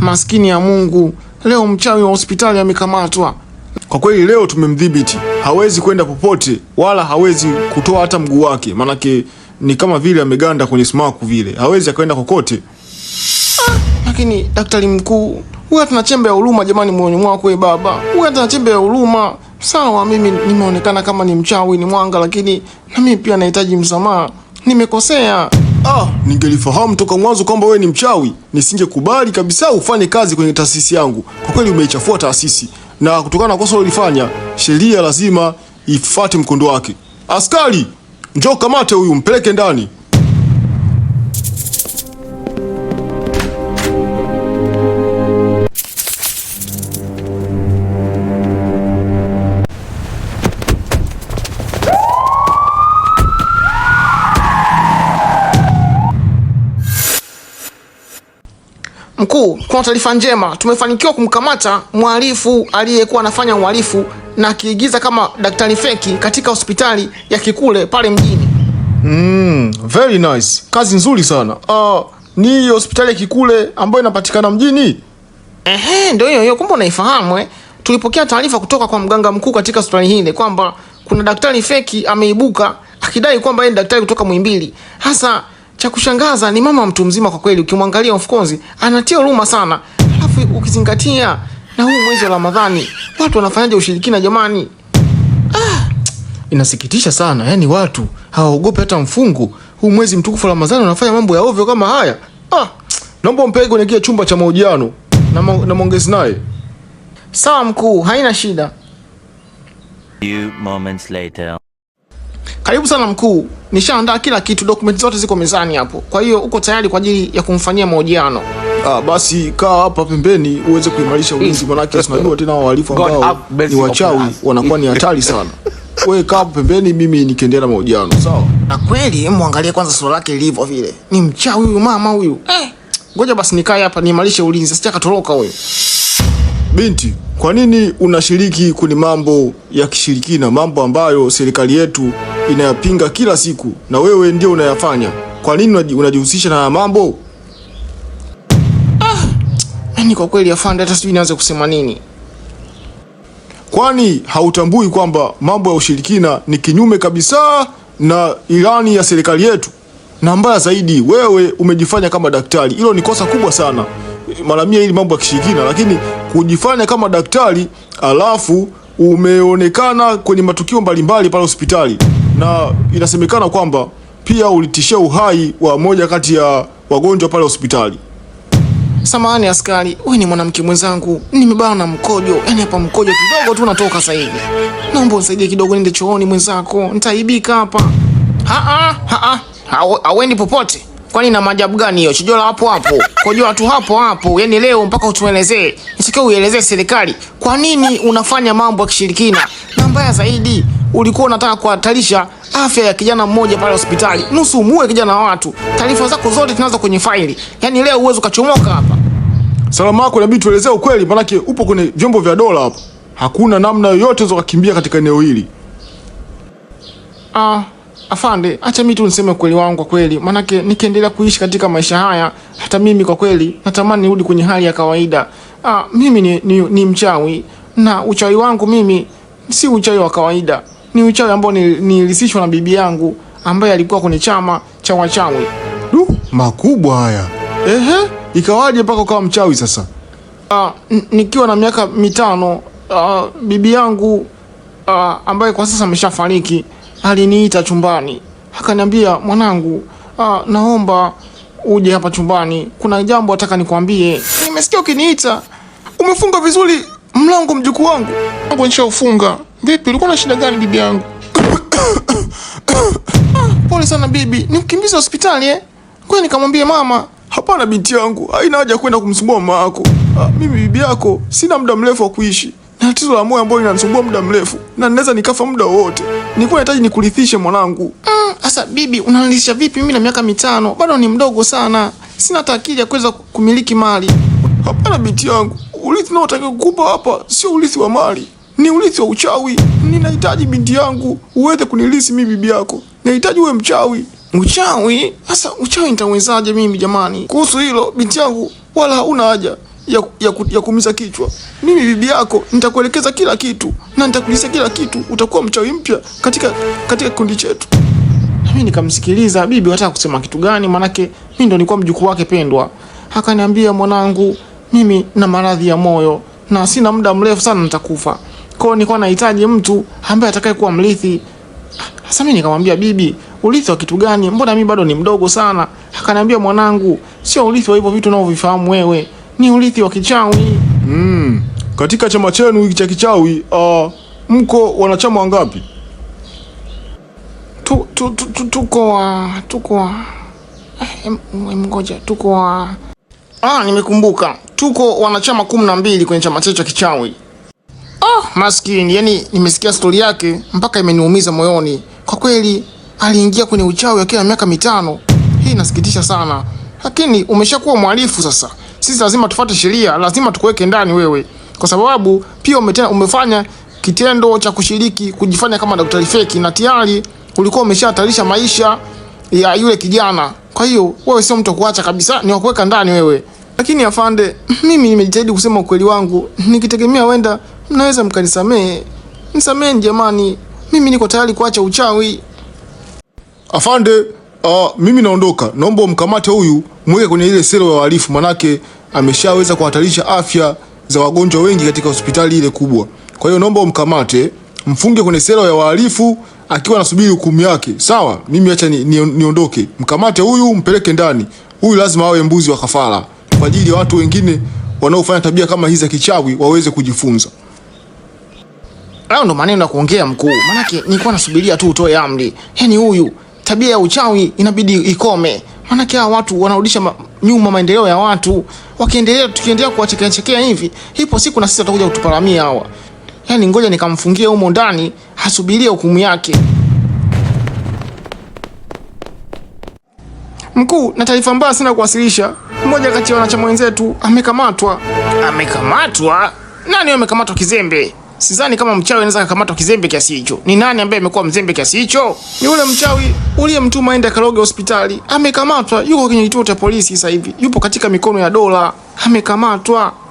maskini ya Mungu, leo mchawi wa hospitali amekamatwa. Kwa kweli leo tumemdhibiti, hawezi kwenda popote wala hawezi kutoa hata mguu wake, maanake ni kama vile ameganda kwenye sumaku vile, hawezi akaenda kokote. Ah, lakini daktari mkuu, wewe tuna chembe ya huruma jamani, moyoni mwako baba, wewe tuna chembe ya huruma. Sawa, mimi nimeonekana kama ni mchawi, ni mwanga, lakini na mimi pia nahitaji msamaha, nimekosea. Ah, ningelifahamu toka mwanzo kwamba wewe ni mchawi, nisingekubali kabisa ufanye kazi kwenye taasisi yangu. Kwa kweli umeichafua taasisi, na kutokana na kosa ulilofanya, sheria lazima ifuate mkondo wake. Askari, njoo kamate huyu, mpeleke ndani. Mkuu, kwa taarifa njema. Tumefanikiwa kumkamata mhalifu aliyekuwa anafanya uhalifu na akiigiza kama daktari feki katika hospitali ya Kikule pale mjini. Mm, very nice. Kazi nzuri sana. Uh, ni hospitali ya Kikule ambayo inapatikana mjini? Ehe, ndio hiyo hiyo. Kumbe unaifahamu eh? Tulipokea taarifa kutoka kwa mganga mkuu katika hospitali hii kwamba kuna daktari feki ameibuka akidai kwamba yeye ni daktari kutoka Muhimbili. Hasa cha kushangaza ni mama mtu mzima kwa kweli, ukimwangalia of course anatia huruma sana, alafu ukizingatia na huu mwezi wa Ramadhani watu wanafanyaje ushirikina jamani? Ah, inasikitisha sana yani, watu hawaogopi hata mfungu Huu mwezi mtukufu wa Ramadhani wanafanya mambo ya ovyo kama haya. Ah, naomba mpeleke kwenye kile chumba cha mahojiano na ma na mwongezi naye. Sawa mkuu, haina shida. Few moments later. Karibu sana mkuu, nishaandaa kila kitu, dokumenti zote ziko mezani hapo, kwa hiyo uko tayari kwa ajili ya kumfanyia mahojiano. Ah, basi kaa hapa pembeni uweze kuimarisha ulinzi, manake tunajua tena wahalifu ambao ni wachawi wanakuwa ni hatari sana. Wewe kaa hapo pembeni, mimi nikiendelea na mahojiano. Sawa. Na kweli hebu angalia kwanza sura lake ilivyo vile. Ni mchawi huyu mama huyu. Eh, ngoja basi nikae hapa niimarishe ulinzi, sitaki atoroka huyu. Binti, kwa nini unashiriki kwenye mambo ya kishirikina, mambo ambayo serikali yetu inayapinga kila siku, na wewe ndio unayafanya. Kwa nini unajihusisha na mambo? Ah, yaani kwa kweli afande, hata sijui nianze kusema nini. Kwani hautambui kwamba mambo ya ushirikina ni kinyume kabisa na ilani ya serikali yetu? Na mbaya zaidi, wewe umejifanya kama daktari. Hilo ni kosa kubwa sana, mara mia hili mambo ya kishirikina, lakini kujifanya kama daktari alafu umeonekana kwenye matukio mbalimbali pale hospitali na inasemekana kwamba pia ulitishia uhai wa moja kati ya wagonjwa pale hospitali. Samahani askari, wewe ni mwanamke mwenzangu, nimebana na mkojo, yaani hapa mkojo kidogo tu natoka sasa hivi. Naomba unisaidie kidogo niende chooni mwenzako, nitaibika hapa. Haa, ha hauendi popote. Kwani na maajabu gani hiyo? Chojola hapo hapo, kojoa tu hapo hapo. Yaani leo mpaka utuelezee, nitakiwa uielezee serikali kwa nini unafanya mambo ya kishirikina, na mbaya zaidi ulikuwa unataka kuhatarisha afya ya kijana mmoja pale hospitali, nusu muue kijana wa watu. Taarifa zako zote tunazo kwenye faili, yaani leo uwezo ukachomoka hapa. Salama yako inabidi tuelezee ukweli, maanake upo kwenye vyombo vya dola hapo. Hakuna namna yoyote za kukimbia katika eneo hili. Ah, afande, acha mimi tu niseme ukweli wangu kwa kweli, maanake nikiendelea kuishi katika maisha haya, hata mimi kwa kweli natamani nirudi kwenye hali ya kawaida. Ah, mimi ni, ni, ni mchawi na uchawi wangu mimi si uchawi wa kawaida ni uchawi ambao nilirithishwa na bibi yangu ambaye alikuwa kwenye chama cha wachawi. Du, makubwa haya! Ehe, ikawaje mpaka ukawa mchawi sasa? Uh, nikiwa na miaka mitano uh, bibi yangu uh, ambaye kwa sasa ameshafariki aliniita chumbani, akaniambia mwanangu, uh, naomba uje hapa chumbani, kuna jambo nataka nikwambie. Nimesikia ukiniita, umefunga vizuri Mlango mjukuu wangu wangu nishaufunga. Vipi, ulikuwa na shida gani bibi yangu? Pole sana bibi, nikukimbiza hospitali eh? Kwani nikamwambie mama? Hapana binti yangu, haina haja kwenda kumsumbua mama yako. Ah, mimi bibi yako sina muda mrefu wa kuishi na tatizo la moyo ambalo linanisumbua muda mrefu na ninaweza nikafa muda wowote. Nilikuwa nahitaji nikurithishe mwanangu. Mm, sasa mm, bibi unanirithisha vipi? Mimi na miaka mitano bado ni mdogo sana, sina hata akili ya kuweza kumiliki mali. Hapana binti yangu urithi naotaka kukupa hapa sio urithi wa mali, ni urithi wa uchawi. Ninahitaji binti yangu uweze kunilisi mimi, bibi yako. Nahitaji uwe mchawi. Uchawi? Sasa uchawi nitawezaje mimi jamani? Kuhusu hilo binti yangu, wala hauna haja ya, ya, ya kumiza kichwa. Mimi bibi yako nitakuelekeza kila kitu na nitakulisa kila kitu. Utakuwa mchawi mpya katika katika kikundi chetu. Mimi nikamsikiliza bibi, wataka kusema kitu gani? Maanake mimi ndo nilikuwa mjukuu wake pendwa. Akaniambia, mwanangu mimi na maradhi ya moyo na sina muda mrefu sana nitakufa. Kwa hiyo nilikuwa nahitaji mtu ambaye atakaye kuwa mrithi. Sasa mimi nikamwambia bibi, urithi wa kitu gani? Mbona mimi bado ni mdogo sana? Akaniambia mwanangu, sio urithi wa hivyo vitu unavyovifahamu wewe, ni urithi wa kichawi. Mm. Katika chama chenu hiki cha kichawi, uh, mko wanachama wangapi? tu, tu, tu, tu, tuko tuko eh, mgoja tuko Ah, nimekumbuka. Tuko wanachama kumi na mbili kwenye chama chetu cha kichawi. Oh, maskini, yani nimesikia stori yake mpaka imeniumiza moyoni. Kwa kweli aliingia kwenye uchawi akiwa na miaka mitano. Hii inasikitisha sana. Lakini umeshakuwa mwalifu sasa. Sisi lazima tufuate sheria, lazima tukuweke ndani wewe. Kwa sababu pia umetena, umefanya kitendo cha kushiriki kujifanya kama daktari feki na tayari ulikuwa umeshahatarisha maisha ya yule kijana. Kwa hiyo wewe sio mtu kuacha kabisa, ni wakuweka ndani wewe. Lakini afande, mimi nimejitahidi kusema ukweli wangu, nikitegemea wenda mnaweza mkanisamehe. Nisameheni jamani, mimi niko tayari kuacha uchawi. Afande, uh, mimi naondoka. Naomba mkamate huyu, mweke kwenye ile selo ya wahalifu, manake ameshaweza kuhatarisha afya za wagonjwa wengi katika hospitali ile kubwa. Kwa hiyo naomba mkamate, mfunge kwenye selo ya wahalifu akiwa anasubiri hukumu yake. Sawa, mimi acha niondoke, ni, ni mkamate huyu mpeleke ndani. Huyu lazima awe mbuzi wa kafara kwa ajili ya watu wengine wanaofanya tabia kama hizi za kichawi waweze kujifunza. Hayo ndo maneno ya kuongea mkuu, maanake nilikuwa nasubiria tu utoe amri. Yaani huyu tabia ya uchawi inabidi ikome, maanake hawa watu wanarudisha ma, nyuma maendeleo ya watu. Wakiendelea tukiendelea kuwachekea chekea hivi, ipo siku na sisi watakuja kutuparamia hawa. Yaani ngoja nikamfungie humo ndani asubirie hukumu yake. Mkuu, na taarifa mbaya sana kuwasilisha. Mmoja kati ya wanachama wenzetu amekamatwa. Amekamatwa? Nani amekamatwa kizembe? Sidhani kama mchawi anaweza kukamatwa kizembe kiasi hicho. Ni nani ambaye amekuwa mzembe kiasi hicho? Ni ule mchawi uliyemtuma aende akaroge hospitali. Amekamatwa, yuko kwenye kituo cha polisi sasa hivi. Yupo katika mikono ya dola. Amekamatwa.